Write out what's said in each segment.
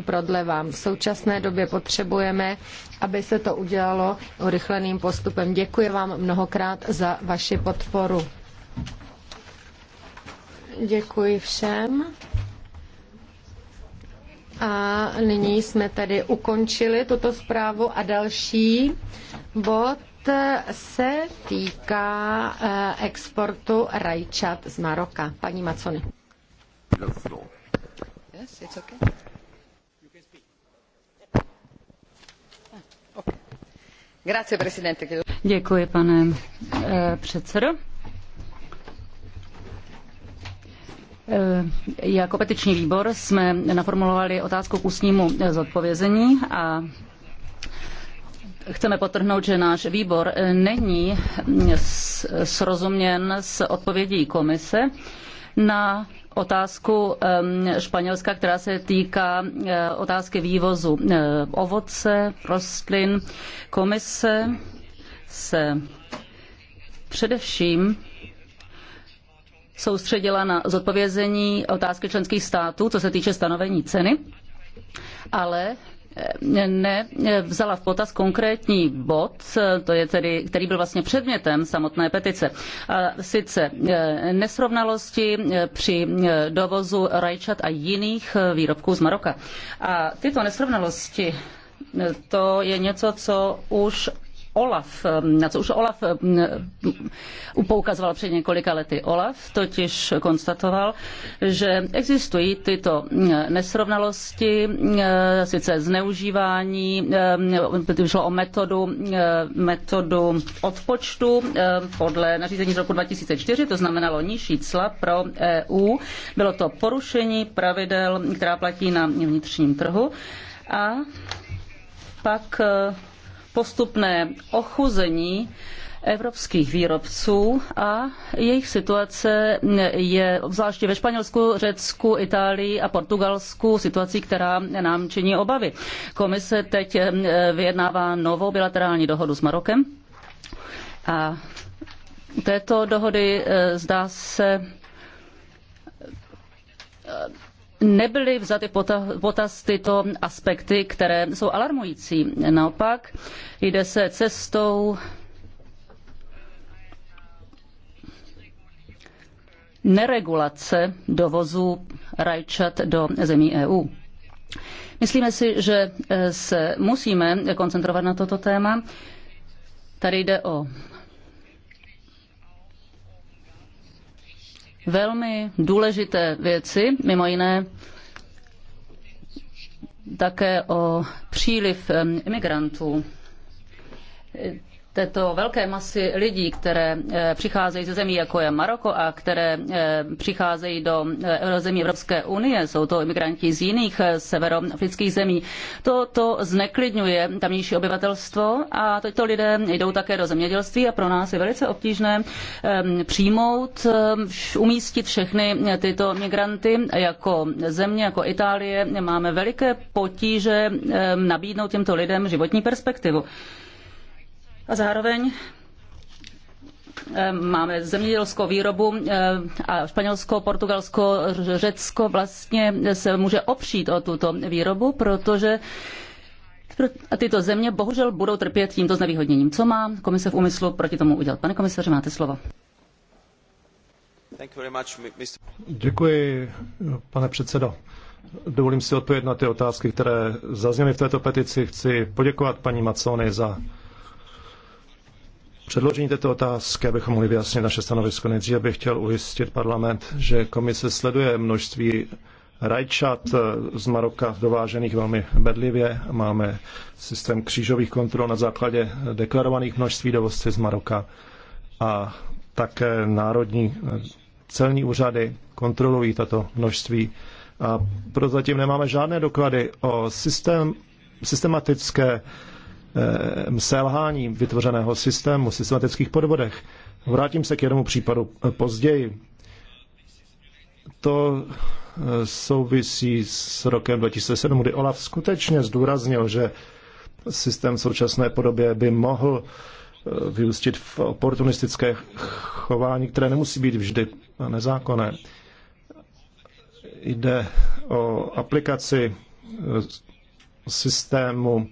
prodlevám. V současné době potřebujeme, aby se to udělalo urychleným postupem. Děkuji vám mnohokrát za vaši podporu. Děkuji všem. A nyní jsme tady ukončili tuto zprávu a další bod se týká eh, exportu rajčat z Maroka. Paní Macony. Yes, it's okay. Děkuji, pane eh, předsedo. Eh, jako petiční výbor jsme naformulovali otázku k ústnímu eh, zodpovězení a chceme potrhnout, že náš výbor není mm, srozuměn s odpovědí komise na otázku Španělska, která se týká e, otázky vývozu e, ovoce, rostlin. Komise se především soustředila na zodpovězení otázky členských států, co se týče stanovení ceny, ale nevzala v potaz konkrétní bod, to je tedy, který byl vlastně předmětem samotné petice. A sice e, nesrovnalosti e, při e, dovozu rajčat a jiných výrobků z Maroka. A tyto nesrovnalosti to je něco, co už Olaf, na co už Olaf upoukazoval před několika lety. Olaf totiž konstatoval, že existují tyto nesrovnalosti, sice zneužívání, šlo o metodu, metodu odpočtu podle nařízení z roku 2004, to znamenalo nižší cla pro EU. Bylo to porušení pravidel, která platí na vnitřním trhu. A pak postupné ochuzení evropských výrobců a jejich situace je zvláště ve Španělsku, Řecku, Itálii a Portugalsku situací, která nám činí obavy. Komise teď eh, vyjednává novou bilaterální dohodu s Marokem a této dohody eh, zdá se nebyly vzaty potaz tyto aspekty, které jsou alarmující. Naopak jde se cestou neregulace dovozu rajčat do zemí EU. Myslíme si, že eh, se musíme koncentrovat na toto téma. Tady jde o velmi důležité věci, mimo jiné také o příliv imigrantů této velké masy lidí, které eh, přicházejí ze zemí jako je Maroko a které eh, přicházejí do eh, zemí Evropské unie, jsou to imigranti z jiných severoafrických zemí, to, to zneklidňuje tamnější obyvatelstvo a tyto lidé jdou také do zemědělství a pro nás je velice obtížné ehm, přijmout, ehm, umístit všechny tyto migranty jako země, jako Itálie. Máme veliké potíže ehm, nabídnout těmto lidem životní perspektivu. A zároveň eh, máme zemědělskou výrobu eh, a Španělsko, Portugalsko, Řecko vlastně se může opřít o tuto výrobu, protože tyto země bohužel budou trpět tímto znevýhodněním. Co má komise v úmyslu proti tomu udělat? Pane komisaře, máte slovo. Děkuji, pane předsedo. Dovolím si odpovědět na ty otázky, které zazněly v této petici. Chci poděkovat paní Macony za předložení této otázky, abychom mohli vyjasnit naše stanovisko. Nejdříve bych chtěl ujistit parlament, že komise sleduje množství rajčat z Maroka dovážených velmi bedlivě. Máme systém křížových kontrol na základě deklarovaných množství dovozce z Maroka a také národní celní úřady kontrolují tato množství. A prozatím nemáme žádné doklady o systém, systematické Eh, selhání vytvořeného systému, systematických podvodech. Vrátím se k jednomu případu eh, později. To eh, souvisí s rokem 2007, kdy Olaf skutečně zdůraznil, že systém v současné podobě by mohl vyústit v oportunistické chování, které nemusí být vždy nezákonné. Jde o aplikaci systému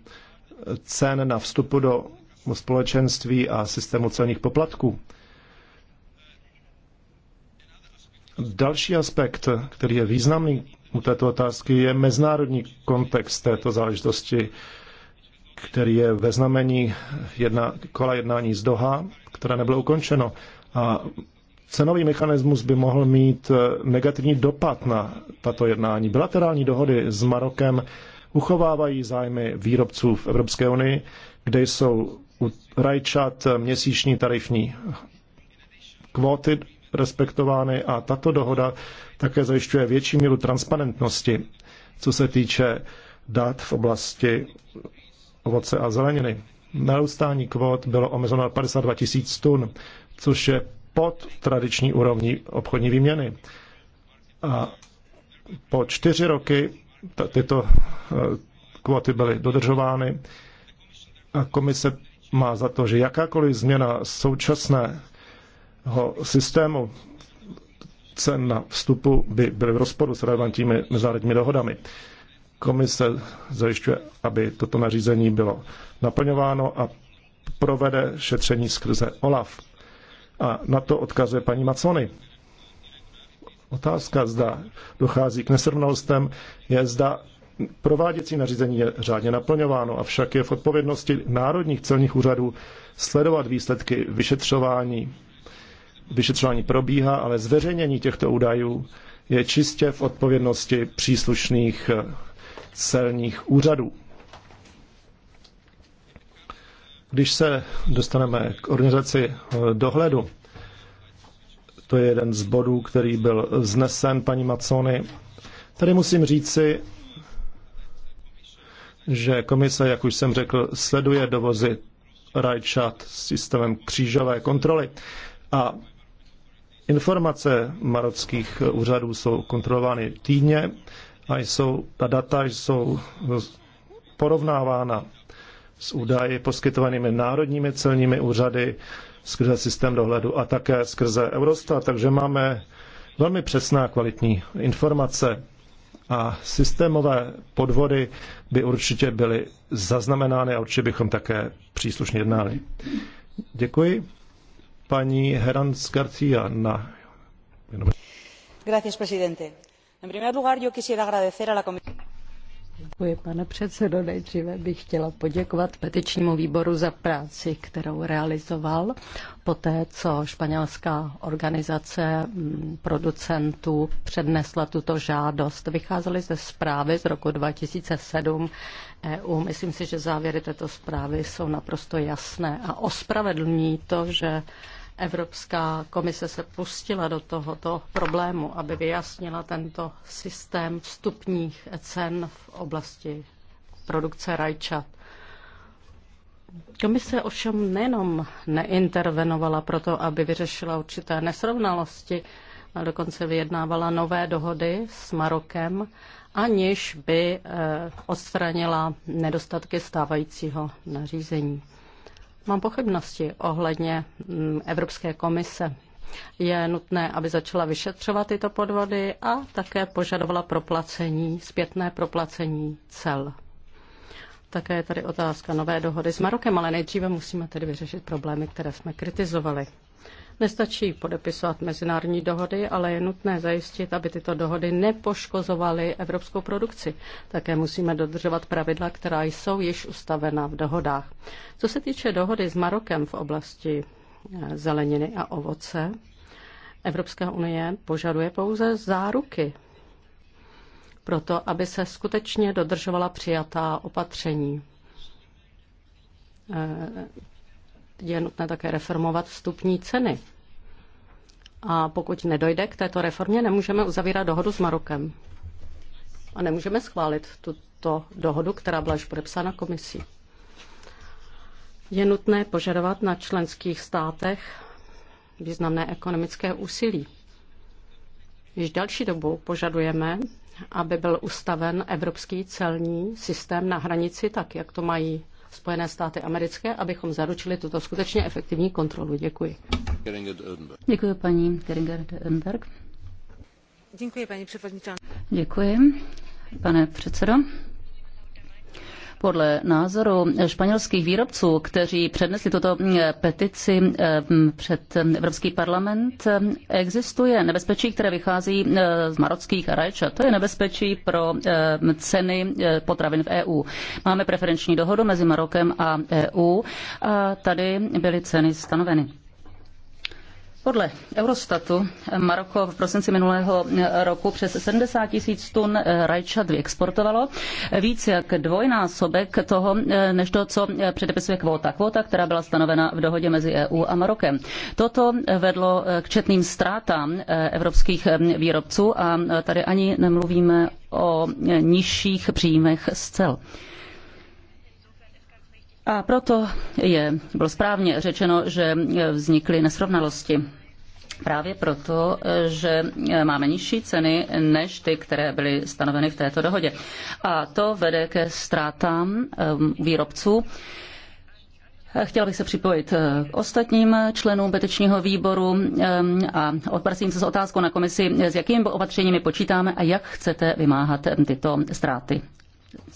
cen na vstupu do společenství a systému celních poplatků. Další aspekt, který je významný u této otázky, je mezinárodní kontext této záležitosti, který je ve znamení jedna, kola jednání z Doha, které nebylo ukončeno. A cenový mechanismus by mohl mít negativní dopad na tato jednání. Bilaterální dohody s Marokem uchovávají zájmy výrobců v Evropské unii, kde jsou u rajčat měsíční tarifní kvóty respektovány a tato dohoda také zajišťuje větší míru transparentnosti, co se týče dat v oblasti ovoce a zeleniny. Narůstání kvót bylo omezeno na 52 tisíc tun, což je pod tradiční úrovní obchodní výměny. A po čtyři roky tyto eh, kvóty byly dodržovány. A komise má za to, že jakákoliv změna současného systému cen na vstupu by byly v rozporu s relevantními mezinárodními dohodami. Komise zajišťuje, aby toto nařízení bylo naplňováno a provede šetření skrze OLAF. A na to odkazuje paní Macony. Otázka, zda dochází k nesrovnalostem, je zda prováděcí nařízení je řádně naplňováno, avšak je v odpovědnosti národních celních úřadů sledovat výsledky vyšetřování. Vyšetřování probíhá, ale zveřejnění těchto údajů je čistě v odpovědnosti příslušných eh, celních úřadů. Když se dostaneme k organizaci eh, dohledu, to je jeden z bodů, který byl znesen paní Macony. Tady musím říci, že komise, jak už jsem řekl, sleduje dovozy rajčat s systémem křížové kontroly a informace marockých úřadů jsou kontrolovány týdně a jsou, ta data jsou porovnávána s údaji poskytovanými národními celními úřady skrze systém dohledu a také skrze Eurostat, takže máme velmi přesná kvalitní informace a systémové podvody by určitě byly zaznamenány a určitě bychom také příslušně jednali. Děkuji. Paní Herans Garcia na... Gracias, presidente. En primer lugar, yo quisiera agradecer a la Comisión. Děkuji, pane předsedo. Nejdříve bych chtěla poděkovat petičnímu výboru za práci, kterou realizoval poté, co španělská organizace mm, producentů přednesla tuto žádost. Vycházely ze zprávy z roku 2007 EU. Myslím si, že závěry této zprávy jsou naprosto jasné a ospravedlní to, že Evropská komise se pustila do tohoto problému, aby vyjasnila tento systém vstupních cen v oblasti produkce rajčat. Komise ovšem nejenom neintervenovala proto, aby vyřešila určité nesrovnalosti, ale dokonce vyjednávala nové dohody s Marokem, aniž by eh, odstranila nedostatky stávajícího nařízení. Mám pochybnosti ohledně mm, Evropské komise. Je nutné, aby začala vyšetřovat tyto podvody a také požadovala proplacení, zpětné proplacení cel. Také je tady otázka nové dohody s Marokem, ale nejdříve musíme tedy vyřešit problémy, které jsme kritizovali. Nestačí podepisovat mezinárodní dohody, ale je nutné zajistit, aby tyto dohody nepoškozovaly evropskou produkci. Také musíme dodržovat pravidla, která jsou již ustavena v dohodách. Co se týče dohody s Marokem v oblasti eh, zeleniny a ovoce, Evropská unie požaduje pouze záruky proto, aby se skutečně dodržovala přijatá opatření. Eh, je nutné také reformovat vstupní ceny. A pokud nedojde k této reformě, nemůžeme uzavírat dohodu s Marokem. A nemůžeme schválit tuto dohodu, která byla již podepsána komisí. Je nutné požadovat na členských státech významné ekonomické úsilí. Již další dobu požadujeme, aby byl ustaven evropský celní systém na hranici, tak jak to mají Spojené státy americké, abychom zaručili tuto skutečně efektivní kontrolu. Děkuji. Děkuji paní Geringer Dönberg. Děkuji, paní předsedající. Děkuji, pane předsedo. Podle názoru španělských výrobců, kteří přednesli tuto eh, petici eh, před Evropský parlament, eh, existuje nebezpečí, které vychází z marockých rajčat. To je nebezpečí pro ceny potravin v EU. Máme preferenční dohodu mezi Marokem a EU a tady byly ceny stanoveny. Podle Eurostatu Maroko v prosinci minulého roku přes 70 tisíc tun eh, rajčat vyexportovalo, víc jak dvojnásobek toho, eh, než to, co eh, předepisuje kvóta. Kvóta, která byla stanovena v dohodě mezi EU a Marokem. Toto vedlo k četným ztrátám evropských výrobců a tady ani nemluvíme o nižších příjmech z cel. A proto je, bylo správně řečeno, že e, vznikly nesrovnalosti. Právě proto, e, že e, máme nižší ceny než ty, které byly stanoveny v této dohodě. A to vede ke ztrátám výrobců. Chtěla bych se připojit k ostatním členům petičního výboru a odpracím se s otázkou na komisi, s jakými opatřeními počítáme a jak chcete vymáhat tyto ztráty.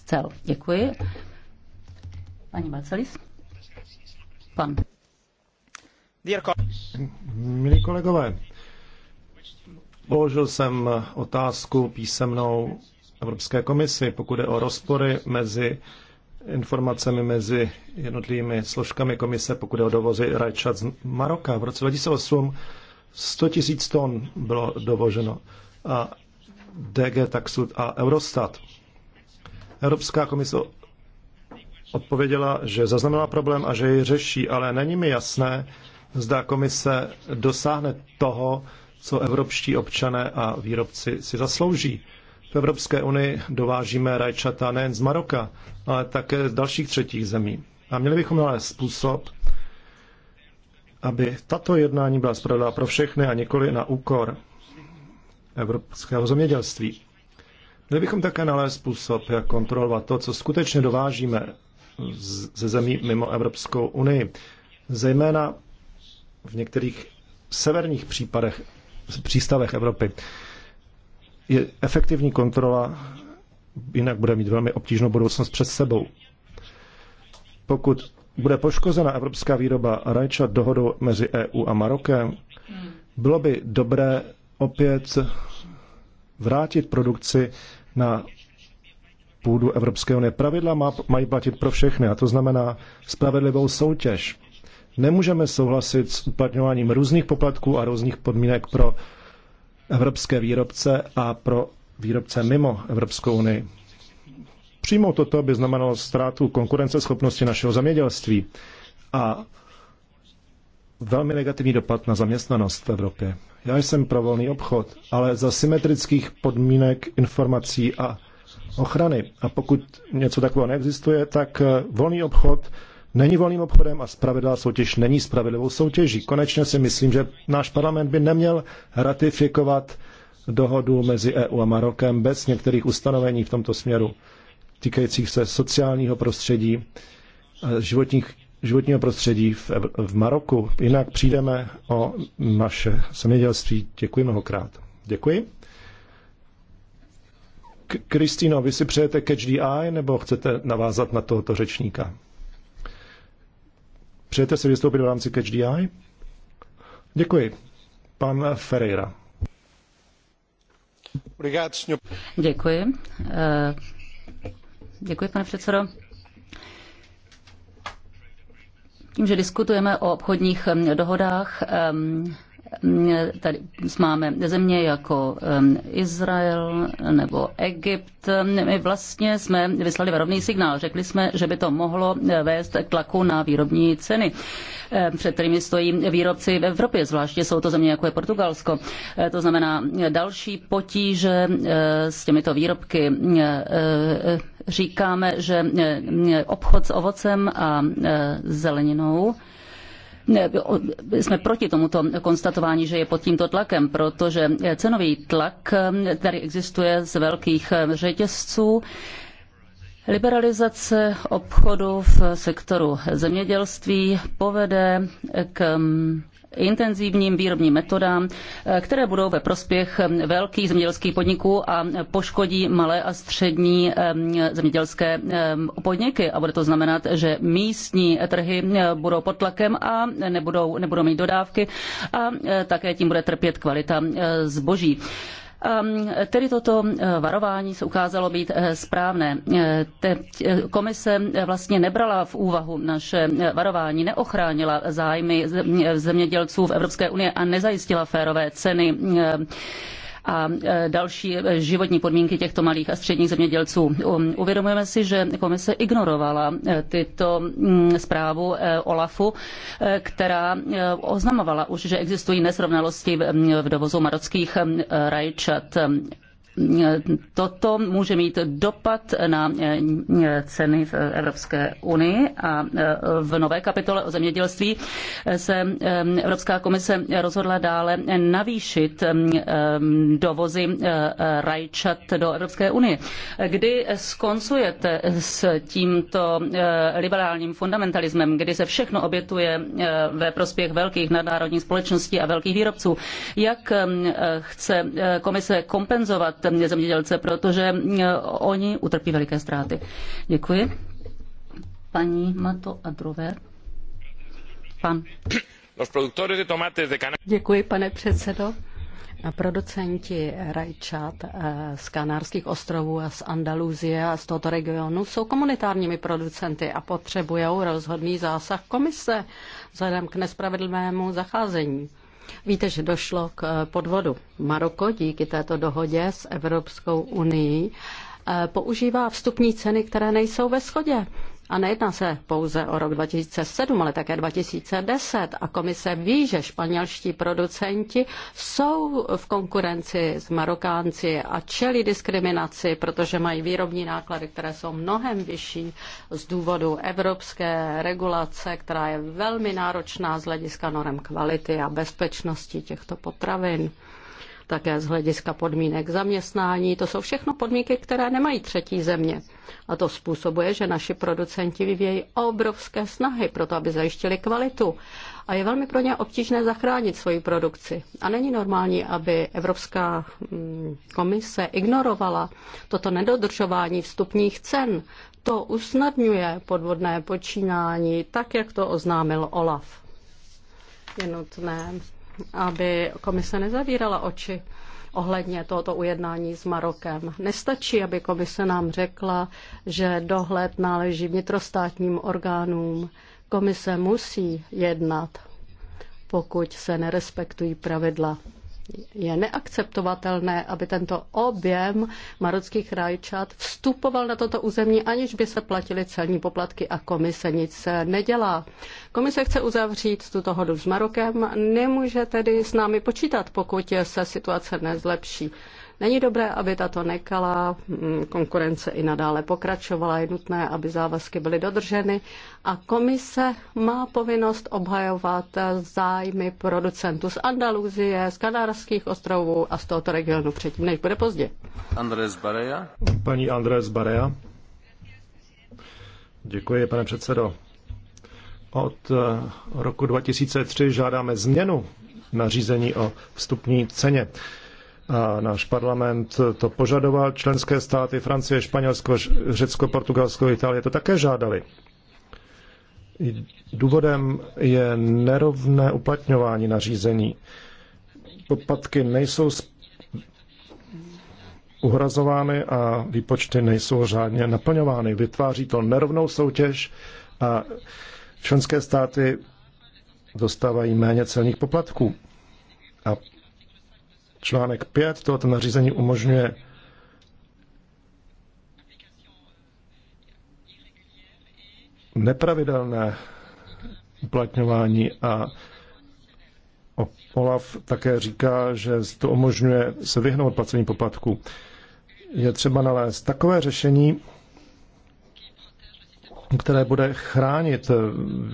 Cel. Děkuji. Paní Bacelis? Pan. Milí kolegové, položil jsem otázku písemnou Evropské komisi, pokud je o rozpory mezi informacemi mezi jednotlivými složkami komise, pokud je o dovozy rajčat z Maroka. V roce 2008 100 tisíc ton bylo dovoženo a DG Taxud a Eurostat. Evropská komise odpověděla, že zaznamenala problém a že ji řeší, ale není mi jasné, zda komise dosáhne toho, co evropští občané a výrobci si zaslouží. V Evropské unii dovážíme rajčata nejen z Maroka, ale také z dalších třetích zemí. A měli bychom nalézt způsob, aby tato jednání byla spravedlá pro všechny a nikoli na úkor evropského zemědělství. Měli bychom také nalézt způsob, jak kontrolovat to, co skutečně dovážíme ze zemí mimo Evropskou unii. Zejména v některých severních případech, přístavech Evropy je efektivní kontrola, jinak bude mít velmi obtížnou budoucnost před sebou. Pokud bude poškozena evropská výroba rajčat dohodou mezi EU a Marokem, bylo by dobré opět vrátit produkci na půdu Evropské unie. Pravidla má, mají platit pro všechny a to znamená spravedlivou soutěž. Nemůžeme souhlasit s uplatňováním různých poplatků a různých podmínek pro evropské výrobce a pro výrobce mimo Evropskou unii. Přímo toto by znamenalo ztrátu konkurenceschopnosti našeho zemědělství a velmi negativní dopad na zaměstnanost v Evropě. Já jsem pro volný obchod, ale za symetrických podmínek informací a ochrany. A pokud něco takového neexistuje, tak eh, volný obchod není volným obchodem a spravedlivá soutěž není spravedlivou soutěží. Konečně si myslím, že náš parlament by neměl ratifikovat dohodu mezi EU a Marokem bez některých ustanovení v tomto směru týkajících se sociálního prostředí, životních, životního prostředí v, v Maroku. Jinak přijdeme o naše zemědělství. Děkuji mnohokrát. Děkuji. Kristýno, vy si přejete catch the eye, nebo chcete navázat na tohoto řečníka? Přejete si vystoupit v rámci catch the eye? Děkuji. Pan Ferreira. Děkuji. Eh, děkuji, pane předsedo. Tím, že diskutujeme o obchodních ehm, dohodách, ehm, Tady máme země jako Izrael nebo Egypt. My vlastně jsme vyslali varovný signál. Řekli jsme, že by to mohlo vést k tlaku na výrobní ceny, před kterými stojí výrobci v Evropě, zvláště jsou to země jako je Portugalsko. E, to znamená další potíže e, s těmito výrobky e, říkáme, že obchod s ovocem a zeleninou jsme proti tomuto konstatování, že je pod tímto tlakem, protože cenový tlak ehm, tady existuje z velkých ehm, řetězců. Liberalizace obchodu v sektoru zemědělství povede k ehm, intenzivním výrobním metodám, eh, které budou ve prospěch eh, velkých zemědělských podniků a poškodí malé a střední eh, zemědělské podniky. A bude to znamenat, že místní trhy budou pod tlakem a nebudou, nebudou mít dodávky a také tím bude trpět kvalita zboží. Ehm, tedy toto ehm, varování se ukázalo být eh, správné. Eh, eh, komise vlastně nebrala v úvahu naše varování, neochránila zájmy zemědělců v Evropské unii a nezajistila férové ceny ehm, a e, další e, životní podmínky těchto malých a středních zemědělců. Um, uvědomujeme si, že komise ignorovala e, tyto mm, zprávu OLAFu, která oznamovala už, že existují nesrovnalosti v dovozu marockých rajčat toto může mít dopad na eh, ceny v Evropské unii a eh, v nové kapitole o zemědělství se eh, Evropská komise rozhodla dále navýšit dovozy rajčat do Evropské unie. Kdy skoncujete s tímto liberálním fundamentalismem, kdy se všechno obětuje ve prospěch velkých nadnárodních společností a velkých výrobců? Jak chce komise kompenzovat zemědělce, protože eh, oni utrpí veliké ztráty. Děkuji. Paní Mato Adrover. Pan. Děkuji, pane předsedo. Producenti rajčat eh, z Kanárských ostrovů a z Andaluzie a z tohoto regionu jsou komunitárními producenty a potřebují rozhodný zásah komise vzhledem k nespravedlivému zacházení. Víte, že došlo k eh, podvodu. Maroko díky této dohodě s Evropskou unii eh, používá vstupní ceny, které nejsou ve shodě. A nejedná se pouze o rok 2007, ale také 2010. A komise ví, že španělští producenti jsou v konkurenci s Marokánci a čelí diskriminaci, protože mají výrobní náklady, které jsou mnohem vyšší z důvodu evropské regulace, která je velmi náročná z hlediska norem kvality a bezpečnosti těchto potravin také z hlediska podmínek zaměstnání. To jsou všechno podmínky, které nemají třetí země. A to způsobuje, že naši producenti vyvějí obrovské snahy pro to, aby zajištili kvalitu. A je velmi pro ně obtížné zachránit svoji produkci. A není normální, aby Evropská mm, komise ignorovala toto nedodržování vstupních cen. To usnadňuje podvodné počínání, tak jak to oznámil Olaf je nutné aby komise nezavírala oči ohledně tohoto ujednání s Marokem. Nestačí, aby komise nám řekla, že dohled náleží vnitrostátním orgánům. Komise musí jednat, pokud se nerespektují pravidla je neakceptovatelné, aby tento objem marockých rajčat vstupoval na toto území, aniž by se platily celní poplatky a komise nic nedělá. Komise chce uzavřít tuto hodu s Marokem, nemůže tedy s námi počítat, pokud se situace nezlepší. Není dobré, aby tato nekalá mm, konkurence i nadále pokračovala. Je nutné, aby závazky byly dodrženy a komise má povinnost obhajovat zájmy producentů z Andaluzie, z Kanárských ostrovů a z tohoto regionu předtím, než bude pozdě. Andres Barea. Paní Andres Barea. Děkuji, pane předsedo. Od eh, roku 2003 žádáme změnu nařízení o vstupní ceně a náš parlament to požadoval. Členské státy Francie, Španělsko, Řecko, Portugalsko, Itálie to také žádali. Důvodem je nerovné uplatňování nařízení. Poplatky nejsou uhrazovány a výpočty nejsou řádně naplňovány. Vytváří to nerovnou soutěž a členské státy dostávají méně celních poplatků. A Článek 5 tohoto nařízení umožňuje nepravidelné uplatňování a Olaf také říká, že to umožňuje se vyhnout placení poplatků. Je třeba nalézt takové řešení, které bude chránit eh,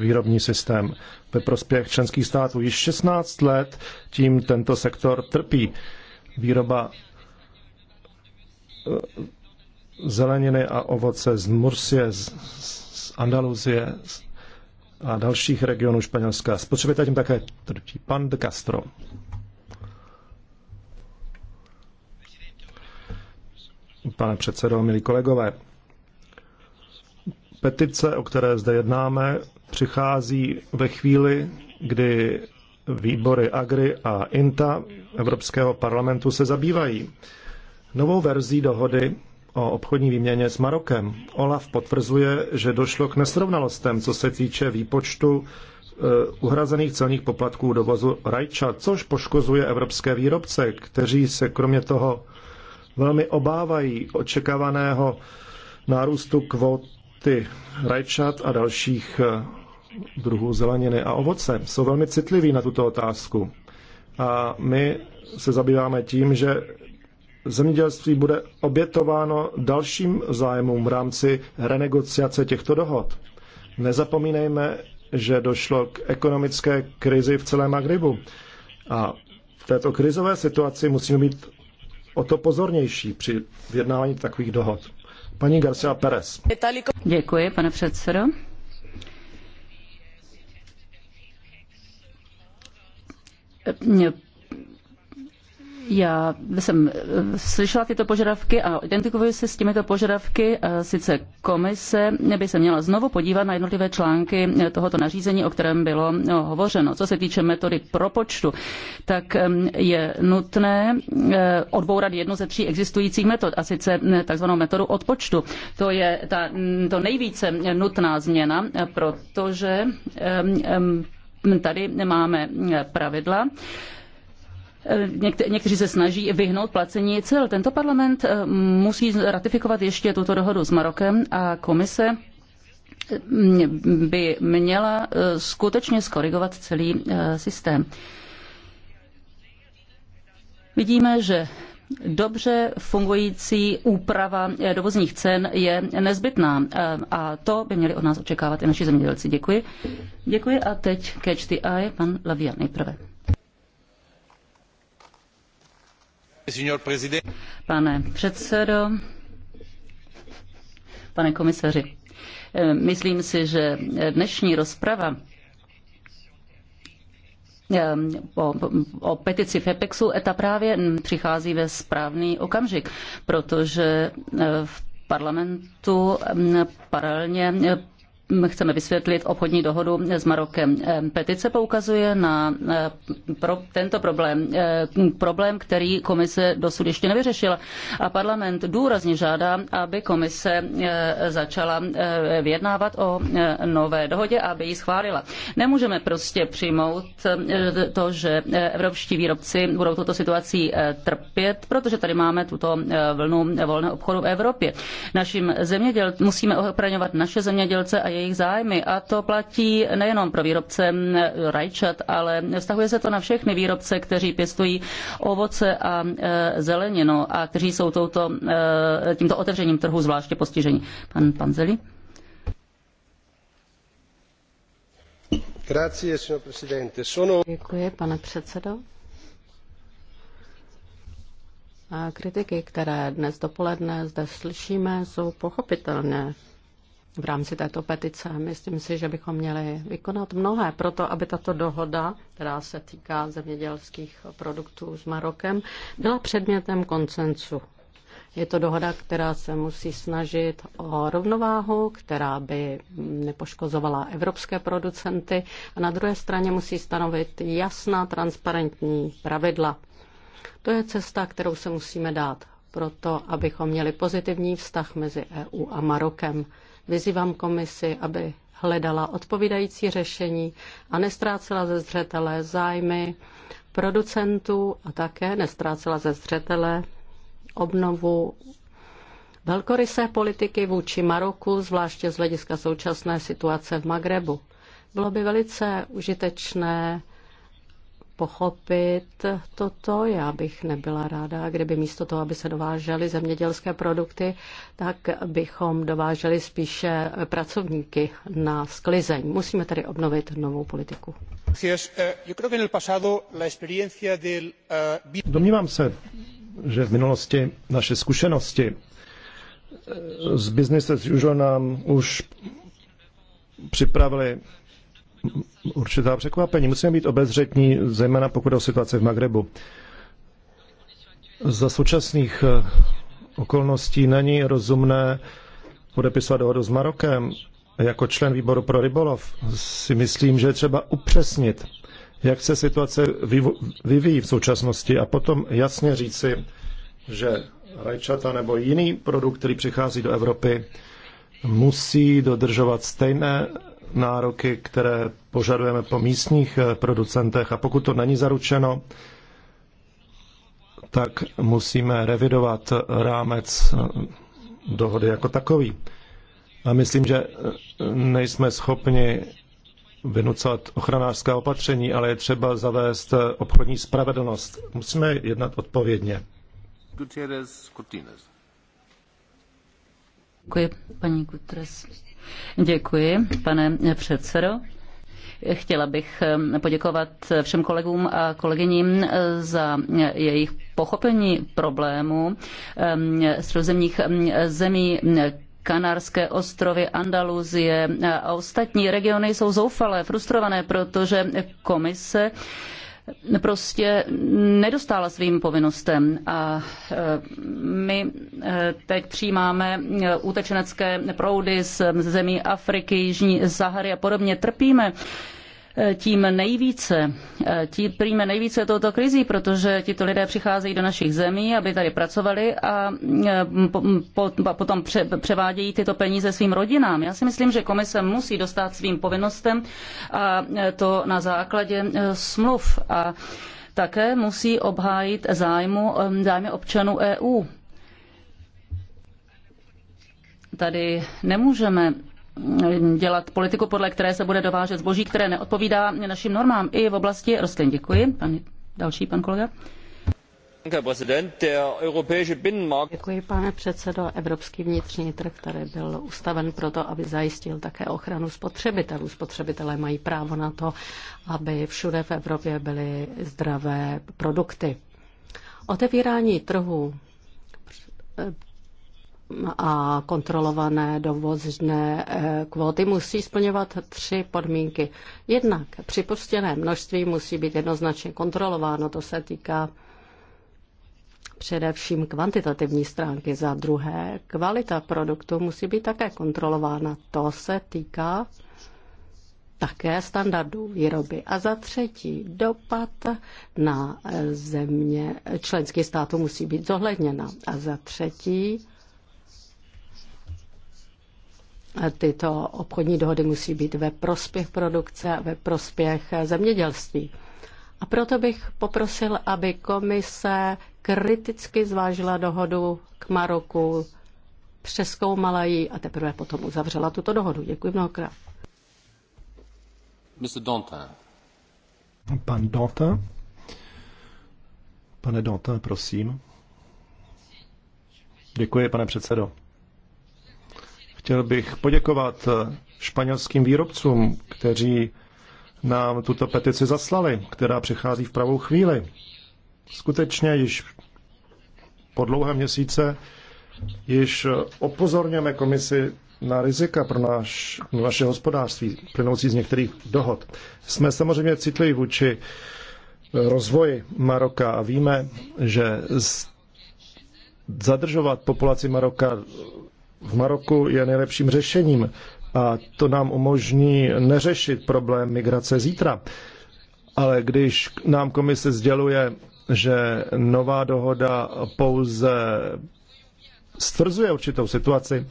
výrobní systém ve prospěch členských států. Již 16 let tím tento sektor trpí. Výroba eh, zeleniny a ovoce z Mursie, z Andaluzie a dalších regionů Španělska. Spotřebitel tím také trpí. Pan de Castro. Pane předsedo, milí kolegové, Petice, o které zde jednáme, přichází ve chvíli, kdy výbory Agri a INTA Evropského parlamentu se zabývají novou verzí dohody o obchodní výměně s Marokem. Olaf potvrzuje, že došlo k nesrovnalostem, co se týče výpočtu eh, uhrazených celních poplatků dovozu rajčat, což poškozuje evropské výrobce, kteří se kromě toho velmi obávají očekávaného nárůstu kvot ty rajčat a dalších eh, druhů zeleniny a ovoce jsou velmi citliví na tuto otázku. A my se zabýváme tím, že zemědělství bude obětováno dalším zájmům v rámci renegociace těchto dohod. Nezapomínejme, že došlo k ekonomické krizi v celém Magribu. A v této krizové situaci musíme být o to pozornější při vyjednávání takových dohod. Paní Garcia Perez. Děkuji, pane předsedo. Mě já jsem eh, slyšela tyto požadavky a identifikuji se s těmito požadavky. Eh, sice komise by se měla znovu podívat na jednotlivé články eh, tohoto nařízení, o kterém bylo hovořeno. Co se týče metody propočtu, tak ehm, je nutné odbourat jednu ze tří existujících metod, a sice takzvanou metodu odpočtu. To je ta, mm, to nejvíce nutná změna, protože ehm, ehm, tady máme pravidla, Eh, někteří se snaží vyhnout placení cel. Tento parlament eh, musí ratifikovat ještě tuto dohodu s Marokem a komise eh, by měla skutečně skorigovat celý systém. Vidíme, že dobře fungující úprava dovozních cen je nezbytná a to by měli od nás očekávat i naši zemědělci. Děkuji. Děkuji a teď catch the eye, pan Lavia nejprve. Pane předsedající pane komisaři, myslím si, že dnešní rozprava ehm, o, petici v Epexu, eta právě přichází ve správný okamžik, protože eh, v parlamentu ehm, paralelně chceme vysvětlit obchodní dohodu s Marokem. Eh, petice poukazuje na eh, pro tento problém, eh, problém, který komise dosud ještě nevyřešila. A parlament důrazně žádá, aby komise začala vyjednávat o nové dohodě, aby ji schválila. Nemůžeme prostě přijmout to, že evropští výrobci budou tuto situací trpět, protože tady máme tuto vlnu volného obchodu v Evropě. Naším zeměděl musíme ochraňovat naše zemědělce a jejich jejich zájmy. A to platí nejenom pro výrobce rajčat, ale vztahuje se to na všechny výrobce, kteří pěstují ovoce a e, zeleninu a kteří jsou touto, e, tímto otevřením trhu zvláště postiženi. Pan Panzeli? Děkuji, pane předsedo. A kritiky, které dnes dopoledne zde slyšíme, jsou pochopitelné v rámci této petice. Myslím si, že bychom měli vykonat mnohé proto, aby tato dohoda, která se týká zemědělských produktů s Marokem, byla předmětem koncensu. Je to dohoda, která se musí snažit o rovnováhu, která by nepoškozovala evropské producenty a na druhé straně musí stanovit jasná, transparentní pravidla. To je cesta, kterou se musíme dát proto, abychom měli pozitivní vztah mezi EU a Marokem. Vyzývám komisi, aby hledala odpovídající řešení a nestrácela ze zřetele zájmy producentů a také nestrácela ze zřetele obnovu velkorysé politiky vůči Maroku, zvláště z hlediska současné situace v Magrebu. Bylo by velice užitečné pochopit toto. Já bych nebyla ráda, kdyby místo toho, aby se dovážely zemědělské produkty, tak bychom dováželi spíše pracovníky na sklizeň. Musíme tedy obnovit novou politiku. Eh, eh, Domnívám se, že v minulosti naše zkušenosti z eh, business as usual nám už připravili určitá překvapení. Musíme být obezřetní, zejména pokud o situaci v Magrebu. Za současných eh, okolností není rozumné podepisovat dohodu s Marokem. Jako člen výboru pro rybolov si myslím, že je třeba upřesnit, jak se situace vyvíjí v současnosti a potom jasně říci, že rajčata nebo jiný produkt, který přichází do Evropy, musí dodržovat stejné nároky, které požadujeme po místních eh, producentech. A pokud to není zaručeno, tak musíme revidovat eh, rámec eh, dohody jako takový. A myslím, že nejsme schopni vynucovat ochranářské opatření, ale je třeba zavést obchodní spravedlnost. Musíme jednat odpovědně. Gutierrez Cortines. Děkuji, paní Gutres. Děkuji, pane předsedo. Chtěla bych poděkovat všem kolegům a kolegyním za jejich pochopení problému středozemních zemí, Kanárské ostrovy, Andaluzie a ostatní regiony jsou zoufalé, frustrované, protože komise prostě nedostála svým povinnostem. A eh, my eh, teď přijímáme útečenecké eh, proudy z zemí Afriky, Jižní Sahary a podobně. Trpíme tím nejvíce, eh, tím prýme nejvíce touto krizí, protože tito lidé přicházejí do našich zemí, aby tady pracovali a eh, potom převádějí tyto peníze svým rodinám. Já si myslím, že komise musí dostat svým povinnostem a eh, to na základě smluv a také musí obhájit zájmu, zájmy občanů EU. Tady nemůžeme dělat politiku, podle které se bude dovážet zboží, které neodpovídá našim normám i v oblasti rostlin. Děkuji. Pan, další pan kolega. Děkuji, pane předsedo. Evropský vnitřní trh, který byl ustaven proto, aby zajistil také ochranu spotřebitelů. Spotřebitelé mají právo na to, aby všude v Evropě byly zdravé produkty. Otevírání trhu a kontrolované dovozné eh, kvóty musí splňovat tři podmínky. Jednak připustěné množství musí být jednoznačně kontrolováno, to se týká především kvantitativní stránky. Za druhé, kvalita produktu musí být také kontrolována. To se týká také standardů výroby. A za třetí, dopad na země členských států musí být zohledněna. A za třetí, tyto obchodní dohody musí být ve prospěch produkce a ve prospěch zemědělství. A proto bych poprosil, aby komise kriticky zvážila dohodu k Maroku, přeskoumala ji a teprve potom uzavřela tuto dohodu. Děkuji mnohokrát. Mr. Dantin. Pan Dantin. Pane Dantin, prosím. Děkuji, pane předsedo. Chtěl bych poděkovat španělským výrobcům, kteří nám tuto petici zaslali, která přichází v pravou chvíli. Skutečně již po dlouhé měsíce již opozorňujeme komisi na rizika pro naš, naše hospodářství, plynoucí z některých dohod. Jsme samozřejmě citliví vůči rozvoji Maroka a víme, že zadržovat populaci Maroka v Maroku je nejlepším řešením a to nám umožní neřešit problém migrace zítra. Ale když nám komise sděluje, že nová dohoda pouze stvrzuje určitou situaci,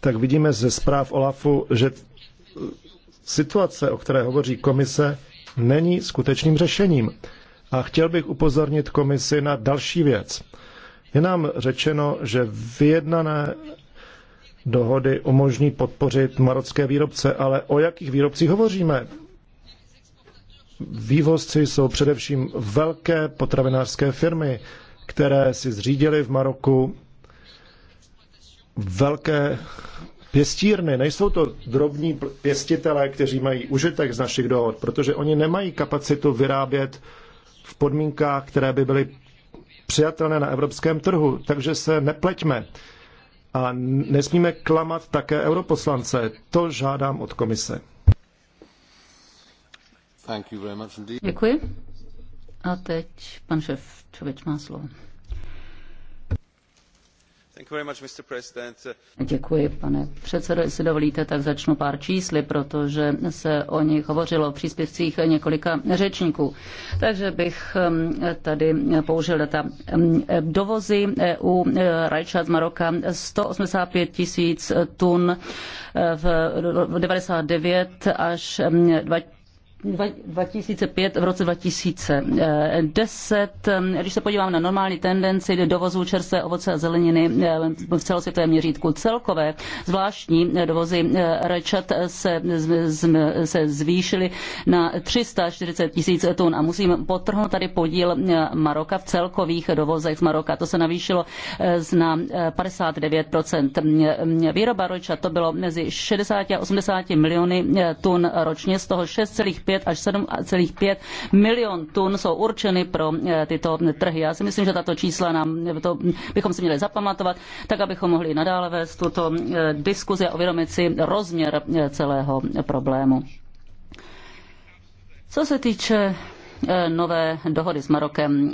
tak vidíme ze zpráv OLAFu, že situace, o které hovoří komise, není skutečným řešením. A chtěl bych upozornit komisi na další věc. Je nám řečeno, že vyjednané dohody umožní podpořit marocké výrobce, ale o jakých výrobcích hovoříme? Vývozci jsou především velké potravinářské firmy, které si zřídily v Maroku velké pěstírny. Nejsou to drobní pěstitelé, kteří mají užitek z našich dohod, protože oni nemají kapacitu vyrábět v podmínkách, které by byly přijatelné na evropském trhu. Takže se nepleťme. A nesmíme klamat také europoslance. To žádám od komise. Děkuji. A teď pan šef Čověč má slovo. Děkuji, pane předsedo. Jestli dovolíte, tak začnu pár čísly, protože se o nich hovořilo v příspěvcích několika řečníků. Takže bych um, tady použil data. Um, dovozy EU uh, rajčat z Maroka 185 tisíc tun uh, v 99 až 2000 um, 2005, v roce 2010, když se podívám na normální tendenci dovozů čerstvé ovoce a zeleniny eh, v celosvětovém měřítku celkové, zvláštní dovozy eh, rajčat se, se zvýšily na 340 tisíc tun a musím potrhnout tady podíl eh, Maroka v celkových dovozech z Maroka. To se navýšilo na 59%. Výroba rajčat to bylo mezi 60 a 80 miliony tun ročně, z toho 6,5 5 až 7,5 milion tun jsou určeny pro eh, tyto trhy. Já si myslím, že tato čísla nám, eh, to bychom si měli zapamatovat, tak abychom mohli nadále vést tuto eh, diskuzi a uvědomit si rozměr celého problému. Co se týče Eh, nové dohody s Marokem.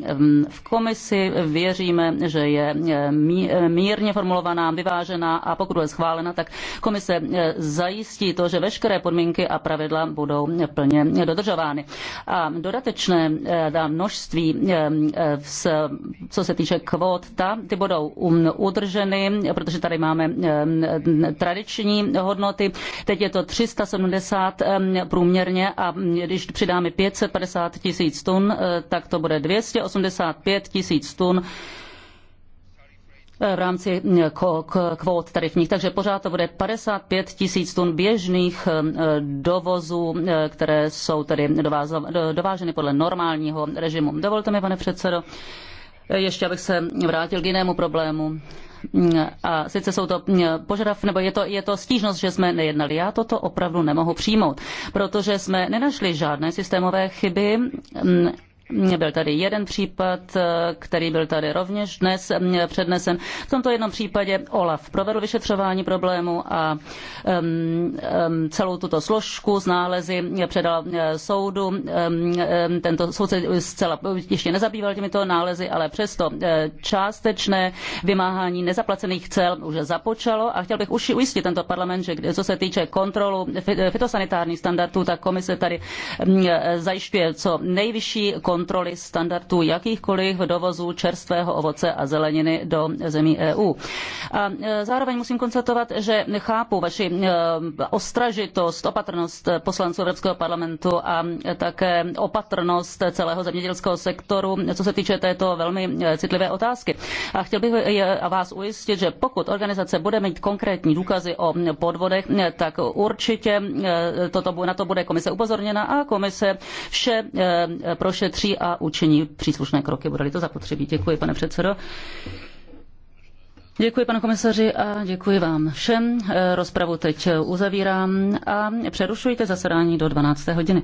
V komisi věříme, že je eh, eh, mírně formulovaná, vyvážená a pokud bude schválena, tak komise zajistí to, že veškeré podmínky a pravidla budou plně dodržovány. A dodatečné množství, co se týče kvót, ta, ty budou um, udrženy, protože tady máme tradiční hodnoty. Teď je to 370 průměrně a když přidáme 550 tisíc tisíc tun, eh, tak to bude 285 tisíc tun eh, v rámci eh, kvót tarifních. Takže pořád to bude 55 tisíc tun běžných dovozů, které jsou tedy dováženy podle normálního režimu. Dovolte mi, pane předsedo, ještě abych se vrátil k jinému problému a sice jsou to mm, požadav, nebo je to, je to stížnost, že jsme nejednali. Já toto opravdu nemohu přijmout, protože jsme nenašli žádné systémové chyby mm, byl tady jeden případ, který byl tady rovněž dnes eh, přednesen. V tomto jednom případě OLAF provedl vyšetřování problému a celou tuto složku z nálezy předal eh, soudu. Tento soud se zcela ještě nezabýval těmito nálezy, ale přesto eh, částečné vymáhání nezaplacených cel už započalo a chtěl bych už ujistit tento parlament, že co se týče kontrolu fitosanitárních standardů, tak komise tady zajišťuje co nejvyšší kontrolu kontroly standardů jakýchkoliv dovozů čerstvého ovoce a zeleniny do zemí EU. A e, zároveň musím konstatovat, že chápu vaši e, ostražitost, opatrnost poslanců Evropského parlamentu a také opatrnost celého zemědělského sektoru, co se týče této velmi e, citlivé otázky. A chtěl bych vás ujistit, že pokud organizace bude mít konkrétní důkazy o podvodech, tak určitě toto, na to bude komise upozorněna a komise vše prošetří ošetří a učiní příslušné kroky, bude-li to zapotřebí. Děkuji, pane předsedo. Děkuji, pane komisaři, a děkuji vám všem. Rozpravu teď uzavírám a přerušujte zasedání do 12. hodiny.